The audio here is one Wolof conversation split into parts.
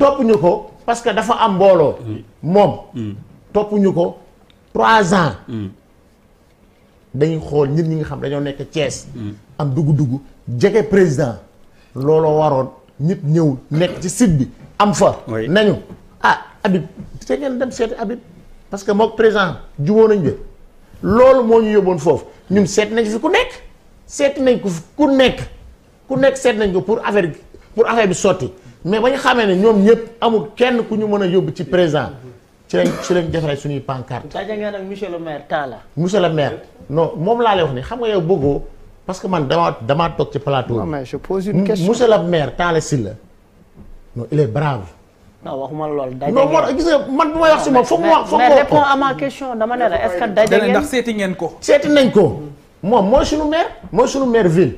toppuñu ko parce que dafa am mbooloo. Mm. moom. Mm. toppuñu ko trois ans. Mm. dañuy xool nit ñi nga xam dañoo nekk Thiès. am dugg-dugg jege président looloo waroon nit ñëw nekk ci site bi am fa. nañu ah Habib te ngeen dem seet Habib parce que mook président jubóo nañ bi loolu moo ñu yóbboon foofu ñun seet nañ fi ku nekk seet nañ ko ku nekk ku nekk seet nañ ko pour affaire bi pour affaire bi sotti. mais ba ñu xamee ne ñoom ñëpp amul kenn ku ñu mën a yóbbu ci président ci lañ ci lañ defaree suñuy pancarte. Sadio Ngane ak monsieur maire Talla. monsieur le maire non moom laa lay wax ni xam nga yow bëggoo parce que man damaa damaa toog ci plateau. non mais je pose une question monsieur le maire Talla Sylla non il est brave. non waxuma loolu daje non man gis nga man bu may wax si moom foog ma foog ma mais question dama ne la est-ce ndax seeti ngeen ko. seeti nañ ko moom mooy suñu maire. mooy suñu maire ville.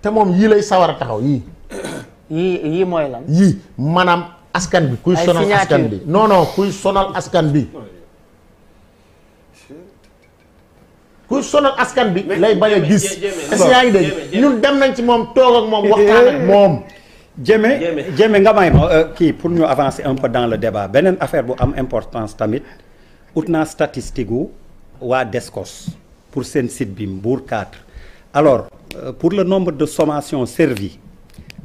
te moom yii lay sawar a taxaw yii. yii yii maanaam askan bi. kuy sonal askan bi non non kuy sonal askan bi. kuy sonal askan bi. lay bañ a gis. est-ce que dem nañ ci moom toog ak moom waxtaan ak eh, moom. Jéeme Jéeme nga may euh, kii pour ñu avancé un peu dans le débat beneen affaire bu am importance tamit ut naa statistique gu waa Descos pour seen sit bi Mbour 4 alors euh, pour le nombre de sommations servies.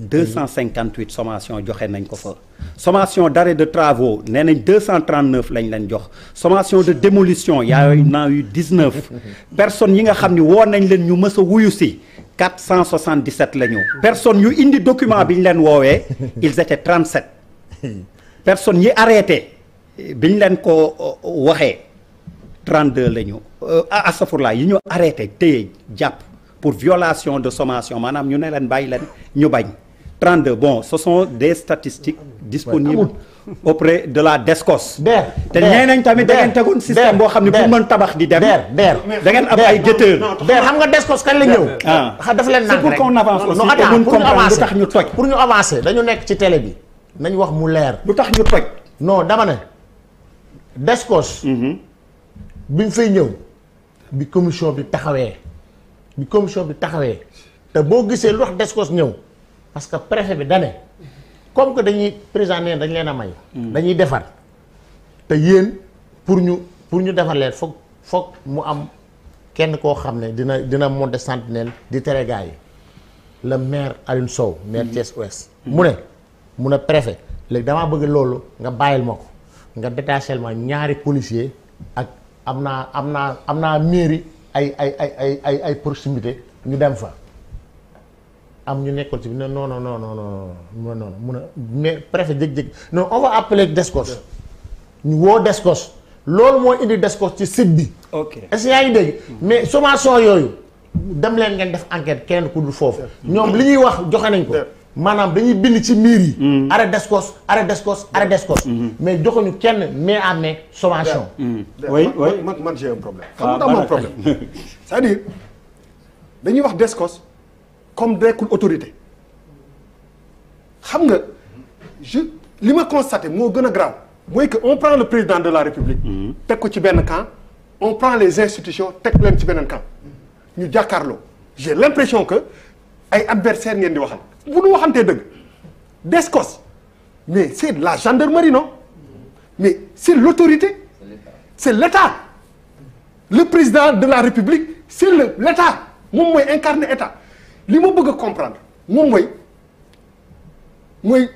deux cent cinquante huit sommation joxe nañ ko fa sommation d'arrêt de travaux nee nañ deux cent trente neuf lañ leen jox sommation de démolition yaa mm-hmm. naa yu dix neuf mm-hmm. personnes yi nga xam ni woo nañ leen ñu mës a wuyu si quatre cent soixante dix la ñu personnes yu indi document bi ñu leen woowee mm-hmm. ils étaient trente sept personne yi arrêté bi ñu leen ko euh, waxee 32 la ñu asafurlaa yi ñu arrêté téye jàpp pour violation de sommation maanaam ñu ne leen bàyyi leen ñu bañ 32 bon ce sont des statistiques disponibles auprès de la DESCOS. DER te nee nañ tamit da ngeen tegoon système boo xam ne bu mën tabax di dem. DER DER da ngeen am ay guetteurs. DER xam nga DESCOS kañ la ñëw. ah, ah daf leen naan rek c'est pour qu'on avance aussi te mun comprendre lu tax ñu toj. pour ñu avancer dañu nekk ci télé bi nañ wax mu leer. lu tax ñu toj. non dama ne DESCOS. Mm-hmm. bi mu fay ñëw bi commission bi taxawee bi commission bi taxawee te boo gisee lu tax DESCOS ñëw. parce que préfet bi dane comme que dañuy président neen dañ leen a may hmm. dañuy defar te yéen pour ñu pour ñu defar leen foog foog mu am kenn koo xam ne dina dina monter sentinelle di tere gars yi le maire Alioune Sow maire hmm. Thiès Ouest hmm. mu ne mu ne préfet léegi damaa bëgg loolu nga bàyyil ma ko nga détaché ma ñaari policier ak am naa am naa am naa mairie ay ay ay ay ay ay proximité ñu dem fa am ñu nekkoon ci bi non non non non non non non mun a mais préfet jékki-jékki non on va appeler woo Descos. loolu moo indi Descos ci site bi. ok est ngi dégg. mais sommation yooyu dem leen ngeen def enquête keneen ku dul foofu. ñoom li ñuy wax joxe nañ ko. maanaam dañuy bind ci miir yi. Mm. arrêt Descos arrêt Descos arrêt Descos. Mm-hmm. mais joxuñu kenn mais à mais sommation. Mm. oui oui man man j'ai problème. Ah, xam nga problème cest à dañuy wax Descos. comme nekkul autorité xam nga je li ma constaté moo gën a grave mooy que on prend le président de la république. Mhm. teg ko ci benn camp on prend les institutions teg leen ci beneen camp ñu jàkkaarloo j'ai l'impression que ay adversaire ngeen di waxal bu ñu waxantee dëgg DSCOS mais c'est la gendarmerie non mais c'est l'autorité c'est l'État le président de la république c'est le l'État moom mooy incarner État li ma bëgg a comprendre moom mooy mooy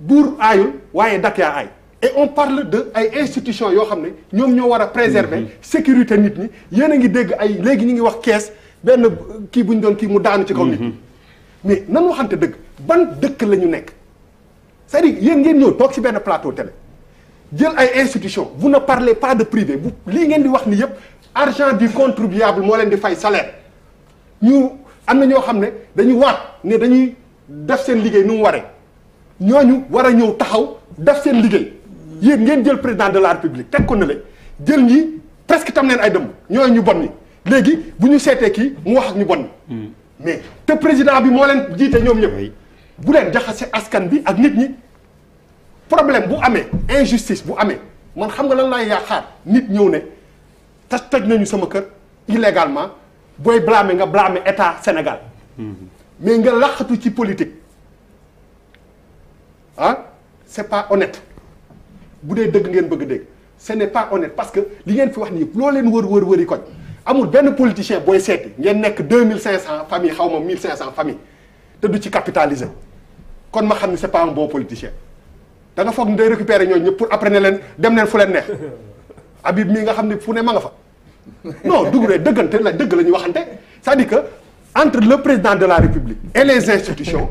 buur aayul waaye dak yaa aay et on parle de ay institutions yoo xam ne ñoom ñoo war a préserver mhm. sécurité nit ñi yéen a ngi dégg ay léegi ñu ngi wax kees benn kii bu ñu doon kii mu daanu ci kaw nit mhm. mais nan waxante dëgg ban dëkk la ñu nekk c'est-à-dire ngeen ñëw toog ci benn plateau télé jël ay institutions bu na parlez pas de privé bu lii ngeen di wax ni yëpp argent di contribuable moo leen di fay salaire ñu am na ñoo xam ne dañuy waat ne dañuy def seen liggéey nu mu waree ñu war a ñëw taxaw def seen liggéey yéen ngeen jël président de la république teg ko na le jël ñi presque tam neen ay dëmm ñooy ñu bon ñi léegi bu ñu seetee kii mu wax ak ñu bon ñi hmm. mais te président bi moo leen jiite ñoom ñëpp bu leen jaxase askan bi ak nit ñi problème bu amee injustice bu amee man xam nga lan laay yaakaar nit ñëw ne taj taj nañu sama kër illégalement booy blâmer nga blâmer état Sénégal mais nga laqatu ci politique ah c'est pas honnête bu dee dëgg ngeen bëgg dégg ce n'est pas honnête parce que li ngeen fi wax nii loo leen wër wër wëri koñ amul benn politicien booy seeti ngeen nekk deux mille cinq cent famille xaw ma mille cinq cent famille te du ci capitaliser kon ma xam ne c'est pas un bon politicien da nga foog ni day récupérer ñooñu ñëpp pour après ne leen dem leen fu leen neex Habib mii nga xam ne fu ne ma nga fa non dugg ne dëggante la dëgg la ñuy waxante c'est-à-dire que entre le président de la République et les institutions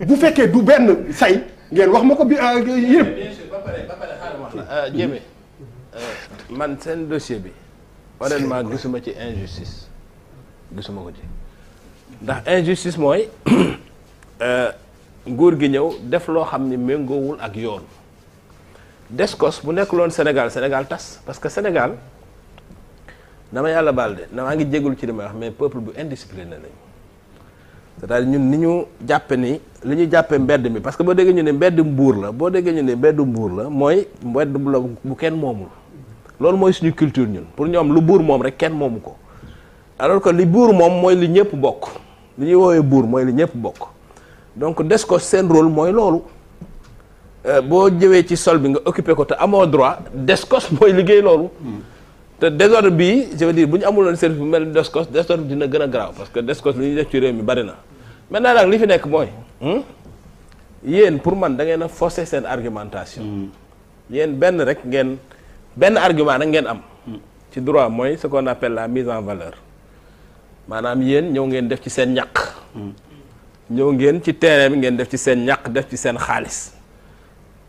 bu fekkee du benn say ngeen wax ma ko bi euh, yëpp. ba pare ba pare xaaral wax euh, euh, man seen dossier bi ma gisuma ci injustice gisuma ko ci ndax injustice mooy nguur gi ñëw def loo xam ni méngoowul ak yoon descos bu nekk loon Sénégal Sénégal tas parce que Sénégal dama yàlla baal de maa ngi jégalu ci li wax mais peuple bu indiscipliné lañu c'est-à-dire ñun ni ñu jàppe ni li ñu jàppe mbedd mi parce que boo déggee ñu ne mbedd mbuur la boo déggee ñu ne mbedd mbuur la mooy mbedd bu la bu kenn moomul loolu mooy suñu culture ñun pour ñoom lu buur moom rek kenn moomu ko alors que li buur moom mooy li ñëpp bokk li ñuy woowee buur mooy li ñëpp bokk donc des ko seen role mooy loolu euh, boo jëwee ci sol bi nga occupé ko te amoo droit des ko mooy liggéey loolu hmm. te désordre bii je veux dire bu ñu amuloon service bu mel ni descos désordre dina gën a grave parce que descos li ñuy def ci réew mi bari na maintenant nag li fi nekk mooy hmm? yéen pour man da ngeen a forcer seen argumentation hmm. yéen benn rek ngeen benn argument rek ngeen am hmm. ci droit mooy ce qu'on appelle la mise en valeur maanaam yéen ñëw ngeen def ci seen ñaq ñëw ngeen ci terrain bi ngeen def ci seen ñaq def ci seen xaalis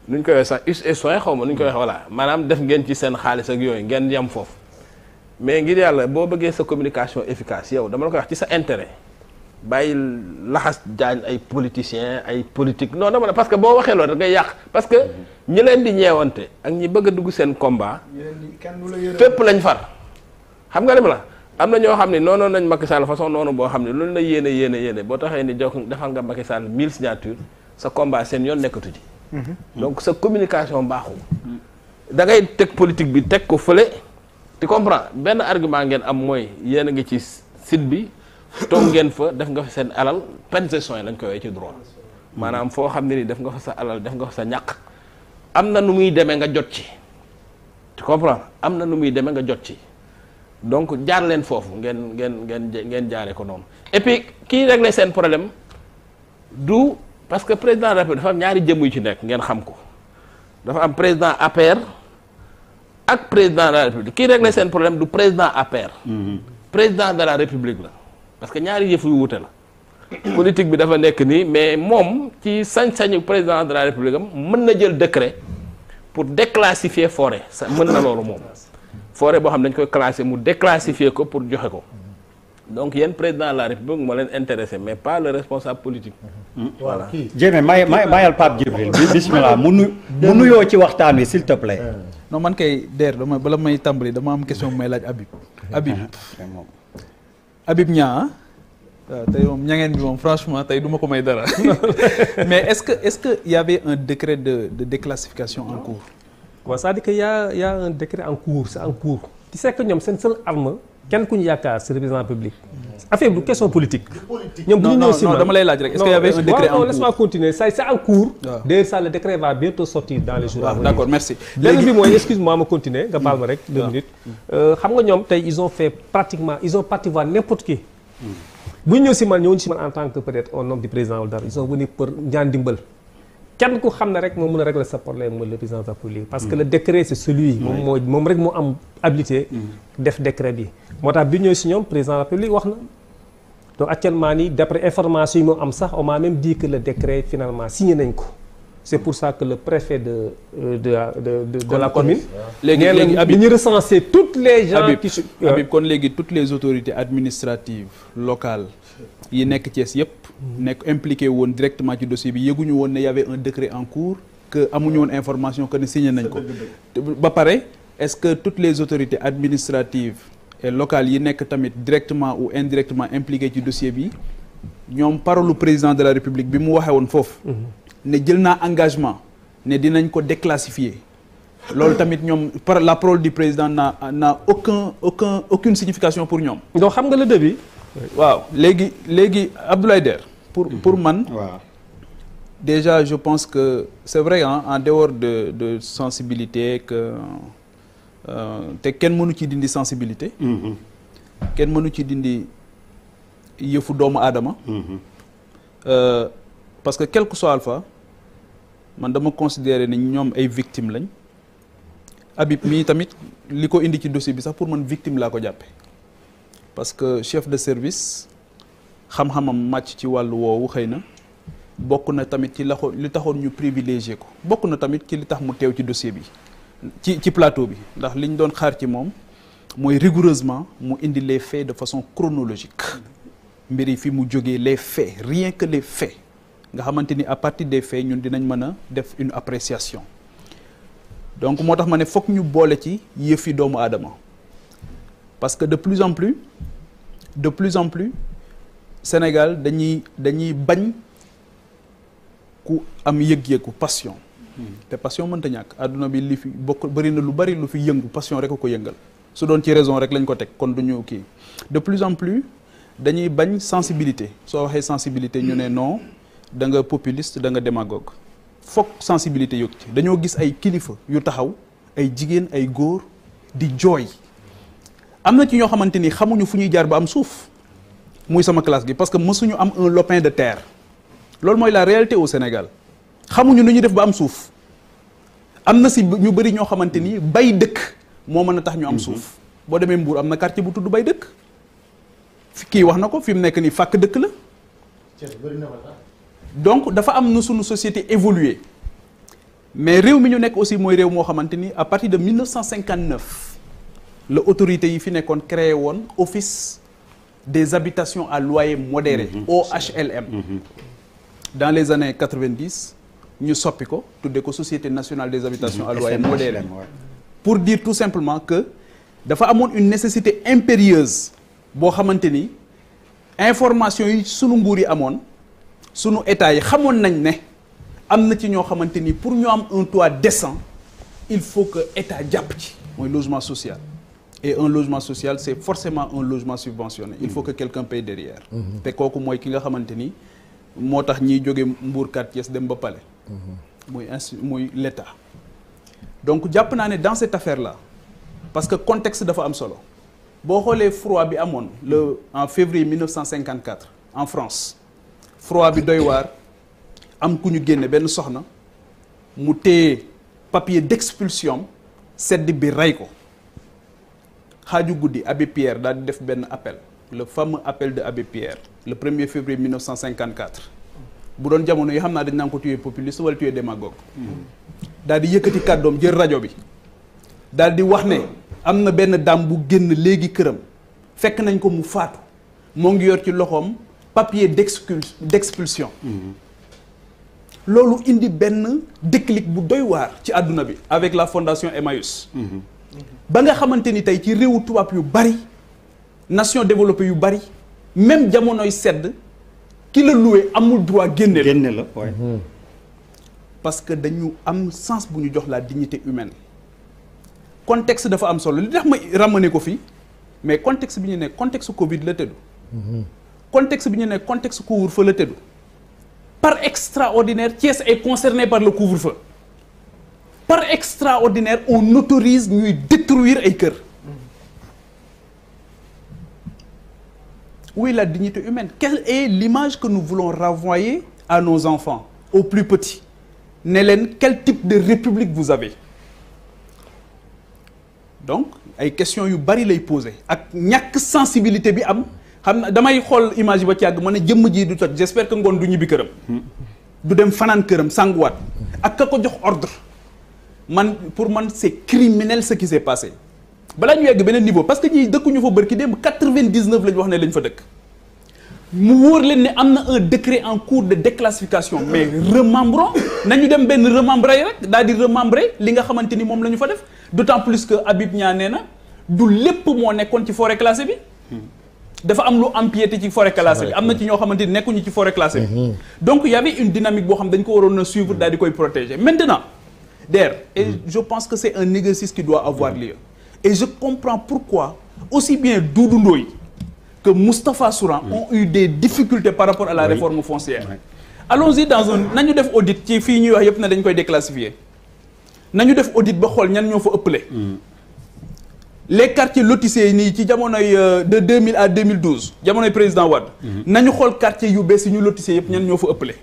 nuñ ko wax sax us et soin xaw nuñ koy wax voilà maanaam def ngeen ci seen xaalis ak yooyu ngeen yem foofu mais ngir yàlla boo bëggee sa communication efficace yow dama la koy wax ci sa intérêt bàyyi laxas jaañ ay politiciens ay politique non dama ne parce que boo waxee loolu da yàq parce que ñi leen di ñeewante ak ñi bëgg a dugg seen combat fépp lañ far xam nga lim la am na ñoo xam ne noonu nañ Macky Sall façon noonu boo xam ne loolu la yéene yéene yéene boo taxee ni jokk defal nga Macky Sall mille signature sa combat seen yoon nekkatu ci mhm. donc sa communication baaxul tu comprends benn argument ngeen am mooy yéen a ngi ci site bi toog ngeen fa def nga fa seen alal possession yi lañ koy woowee ci droit maanaam foo xam ne ni def nga fa sa alal def nga fa sa ñàq am na nu muy demee nga jot ci tu am na nu muy demee nga jot ci donc jaar leen foofu ngeen ngeen ngeen ngeen jaaree ko noonu et puis kii réglé seen problème do parce que président de la dafa am ñaari jëm yu ci nekk ngeen xam ko dafa am président APR ak président de la république kii réglé seen problème du président APR. président de la république la parce que ñaari yëf yu wuute la. politique bi dafa nekk nii mais moom ci sañ-sañu président de la république am mën na jël décret pour déclassifier forêt sa mën na loolu moom. forêt boo xam ne dañ koy classé mu déclassifier ko pour joxe ko. donc yéen président de la république moo leen intéressé mais pas le responsable politique. voilà Jéeme may mayal Pape Djibril bisimilah mu nu mu nuyoo ci waxtaan wi s'il non man kay der dama bala may tàmbali dama am question may laaj Habib. Habib ah, Habib Niang waaw ah. ah, tey moom ñangeen bi moom franchement tey du ma ko may dara mais est-ce que est-ce que y avait un décret de de déclassification en cours. waaw c'est-à-dire que a y a un décret en cours c'est en cours. tu sais ñoom seen seule arme. kenn ku ñu yaakaar si représentant public. affaire bi du question politique. ñoom bu ñu ñëw si man dama lay laaj rek. est-ce qu'il y avait euh, un en cours ah. laisse-moi continuer décret va bientôt sortir dans les jours à venir. d'accord merci. léegi mooy excuse-moi ma continuer nga baal ma rek deux ah. minutes. Euh, xam nga ñoom tey ils ont fait pratiquement ils ont parti voir n'importe qui. Hmm. bu ñu ñëw si man ñëwuñu si man en tant peut-être un homme du président wala dara ils sont venus pour ñaan kenn ku xam ne rek moo mën a régler sa problème mooy le président de la République parce que mm. le décret c'est celui moom moom rek moo am habilité mm. def décret bi moo tax bi ñëw si ñoom président de wax na donc actuellement nii d'après information yi moo am sax on m'a même dit décret finalement signé nañ ko c'est pour ça que le préfet de euh, de de de, de la commune. léegi léegi Habib ñu recenser toutes les gens. Habib qui... Euh, kon léegi toutes les autorités administratives locales yi nekk Thiès yëpp. nekk impliqué woon directement ci dossier bi yëguñu woon ne y un décret en cours. que amuñu woon information que ne signé nañ ko. ba pare est-ce que toutes les autorités administratives et locales yi nekk tamit directement ou indirectement impliquées ci dossier bi ñoom parolu président de la république bi mu waxee woon foofu. Mhm. ne jël naa engagement ne dinañ ko déclassifier loolu tamit ñoom par la parole du président n'a n'a aucun aucun aucune signification pour ñoom. donc xam nga la début. waaw léegi léegi Abdoulaye pour mm-hmm. pour man. waaw déjà je pense que c'est vrai en dehors de de sensibilité que euh, te kenn mënu ci dindi sensibilité. Mm-hmm. kenn mënu ci dindi yëfu doomu aadama. Mm-hmm. Euh, parce que quel que soit alpha. man dama considérer ne ñoom ay victime lañ Habib mii tamit li ko indi ci dossier bi sax pour man victime laa ko jàppe parce que chef de service xam-xamam màcc ci wàllu woowu xëy na bokk na tamit ci laxo li taxoon ñu privilégié ko bokk na tamit ci li tax mu teew ci dossier bi ci ci plateau bi ndax li doon xaar ci moom mooy rigoureusement mu indi les faits de façon chronologique mbir yi fi mu jógee les faits rien que les faits nga xamante ni à partir des faits ñun dinañ mën a def une appréciation donc moo tax ma ne foog ñu boole ci yëfi doomu aadama parce que de plus en plus de plus en plus Sénégal dañuy dañuy bañ ku am yëg-yëgu passion hmm. te passion mënta ñàkk àdduna bi li fi bokk bëri na lu bari lu fi yëngu passion rek a ko yëngal su doon ci raison rek lañ ko teg kon du ñu kii de plus en plus dañuy bañ sensibilité soo waxee sensibilité ñu ne non da nga populiste da nga démagogue foog sensibilité yokk ci dañoo gis ay kilifa yu taxaw ay jigéen ay góor di jooy am na ci ñoo xamante ni xamuñu fu ñuy jaar ba am suuf muy sama classe gi parce que mësuñu am un lopin de terre loolu mooy laa réalité au Sénégal xamuñu nu ñu def ba am suuf am na si ñu bëri ñoo xamante ni bay dëkk moo mën a tax ñu am mhm. suuf boo demee Mbour am na quartier bu tudd bay dëkk kii wax na ko fi mu nekk nii fàkk dëkk la. donc dafa am nu sunu société évoluer mais réew mi ñu nekk aussi mooy réew moo xamante ni à partir de 1959 la autorité yi fi nekkoon créé woon office des habitations à loyer modéré OHLM mhm. dans les années 90 ñu soppi ko tudde ko société nationale des habitations à loyer modéré pour dire tout simplement que dafa amoon une nécessité impérieuse boo xamante ni information yi sunu nguur yi amoon sunu état yi xamoon nañ ne am na ci ñoo xamante ni pour ñu am un toit décent il faut que état jàpp ci mooy logement social et un logement social c'est forcément un logement subventionné il faut que quelqu'un paye derrière te kooku mooy ki nga xamante ni moo tax ñiy jóge Mbour Thiès dem ba Palais muy insu muy l'État donc jàpp naa ne dans cette affaire la parce que contexte dafa am solo boo xoolee froid bi amoon le en février 1954 en France froid bi doy waar am ku ñu génne benn soxna mu téye papier d'expulsion sedd bi rey ko xaaju guddi Abbé Pierre daal di def benn appel le fameux appel de Abbé Pierre le premier er février 1954 bu doon jamono yi xam naa dañ naan ko tuye populiste wala tuye démagogue daal di yëkkati kàddoom jël rajo bi dal di wax ne am na benn dàmm bu génn léegi këram fekk nañ ko mu faatu moo ngi yor ci loxoom papier d'expulsion loolu indi benn déclic bu doy waar ci àdduna bi avec la fondation Emmaüs ba nga xamante ni tey ci réewu tubaab yu bari nation développée yu bari même jamonoy sedd ki la loué amul droit génne la génne la mhm. parce que dañu am sens bu ñu jox la dignité humaine contexte dafa am solo li tax ma ramené ko fii mais contexte bi ñu ne contexte Covid la tëdd mhm. contexte bi ñu ne contexte couvre-feu la tëddu par extraordinaire Thiès est concerné par le couvre-feu par extraordinaire on autorise ñuy détruire ay kër où est la dignité humaine quelle est l'image que nous voulons renvoyer à nos enfants aux plus petits ne leen quel type de république vous avez donc ay question yu bari lay poser ak ñàkk sensibilité bi am xam na damay xool image ba ci yàgg ma ne jëmm ji du toj j'espère que ngoon du ñibbi këram. du dem fanaan këram sanguwaat. ak ka ko jox ordre. man pour man c'est criminel ce qui s'est passé. balaa ñu yegg beneen niveau parce que ñii dëkkuñu fa bërki démb 99 lañ wax ne lañ fa dëkk. mu wóor leen ne am na un décret en cours de déclassification mais remembrons nañu dem benn remembrer rek daal di remembrer li nga xamante ni moom la ñu fa def d'autant plus que Habib Niang nee na du lépp moo nekkoon ci forêt classée bi. dafa am lu empiété ci forêt classée bi am na ci ñoo xamante ni nekkuñu ci forêt classée bi mhm. donc il y avait une dynamique boo xam dañ ko waroon a suivre daal di koy protéger maintenant d'ailleurs et mhm. je pense que c'est un exercice qui doit avoir lieu et je comprends pourquoi aussi bien Doudou Ndoye que Moustapha Souran mhm. ont eu des difficultés par rapport à la réforme foncière allons-y dans un ñu def audit ci fii ñuy wax yëpp na dañ koy déclassifier ñu def audit ba xool ñan ñoo fa ëppale les quartiers lotissés yi nii ci jamonoy euh, de 2000 à 2012 jamonoy président Wade. Mhm. nañu xool quartier yu bees yi ñu lotissé yëpp ñan ñoo fa ëppale.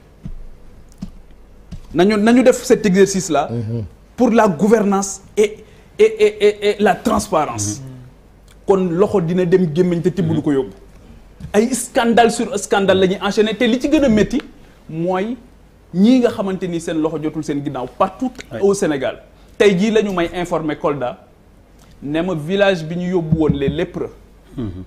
nañu nañu def cet exercice là. Mhm. pour la gouvernance et et et et, et la transparence mhm. kon loxo dina dem gémmiñ te tibb du ko yóbbu. ay scandale sur scandale la ñuy te li ci gën a métti mooy ñii nga xamante ni seen loxo jotul seen ginnaaw partout au Sénégal tey jii lañu ñu may informer Kolda. ne ma village bi ñu yóbbu woon les lépreux mhm.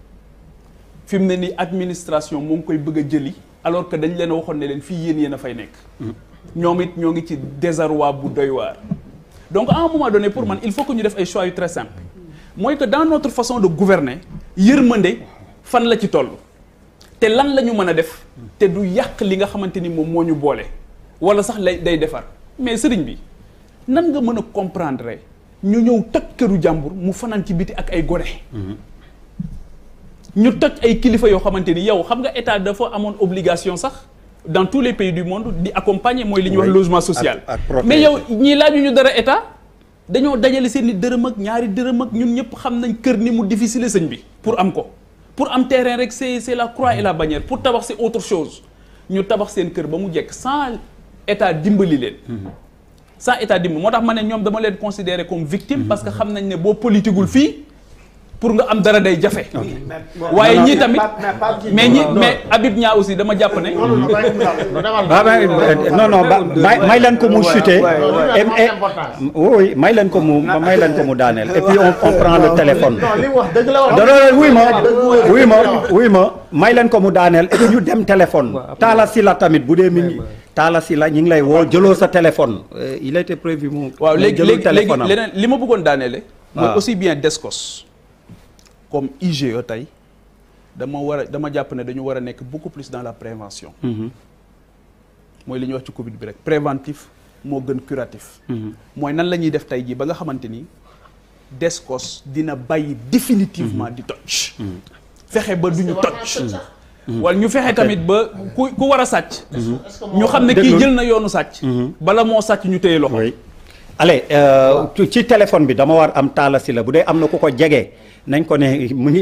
fi mu ne nii administration moo ngi koy bëgg a jëli alors que dañ leen waxoon ne leen fii yéen yéen a fay nekk mhm. ñoom it ñoo ngi ci désarroi bu doy waar donc à un moment donné pour man il faut que ñu def ay choix yu très simple mooy que dans notre façon de gouverner yërmande fan la ci toll te lan la ñu mën a def te du yàq li nga xamante ni moom moo ñu boole wala sax lay day defar mais sëriñ bi nan nga mën a comprendre ñu ñëw toj këru jàmbur mu fanaan ci biti ak ay gone ñu toj ay kilifa yoo xamante ni yow xam nga état dafa amoon obligation sax dans tous les pays du monde di accompagner mooy li ñu wax logement social mais yow ñii yu ñu dara état dañoo dajale seen i dërëm ak ñaari dërëm ak ñun ñëpp xam nañ kër ni mu difficile sëñ bi pour am ko pour am terrain rek c'est c'est la croix et la bannière pour tabax c'est autre chose ñu tabax seen kër ba mu jekk sans état dimbali leen mm-hmm. sans état d'hymne moo tax ma ne ñoom dama leen considérer comme victime parce que xam nañ ne boo politigul fii pour nga am dara day jafe. waaye ñii tamit mais ñi mais Habib Niang aussi dama jàpp ne. non non may leen ko mu chuter. Eh, eh, oui may leen ko mu may leen ko mu daaneel. et puis on prend le téléphone. non wuy ma wuy ma wuy ma may leen ko mu daaneel et puis ñu dem téléphone. Talla Sylla tamit bu dee mi. Talla Sylla ñu ngi lay woo jëloo sa téléphone. Euh, il était prévu mu. waaw léegi léegi leneen li ma bëggoon daaneele. Ah. mooy aussi bien Descos comme IGE tey dama war a dama jàpp ne dañu war a nekk beaucoup plus dans la prévention. Mm-hmm. mooy li ñuy wax ci Covid bi rek préventif moo gën curatif. Mm-hmm. mooy nan la ñuy def tey jii ba nga xamante ni Descos dina bàyyi définitivement mm-hmm. di toj. fexe ba duñu toj. wala ñu fexe tamit ba ku ku war a sàcc. Mhm. ñu xam ne kii jël na yoonu sàcc. Mhm. bala moo sàcc ñu téye loxo. allez euh, ci téléphone bi dama war am taala la bu dee am na ku ko jege nañ ko ne mu ngi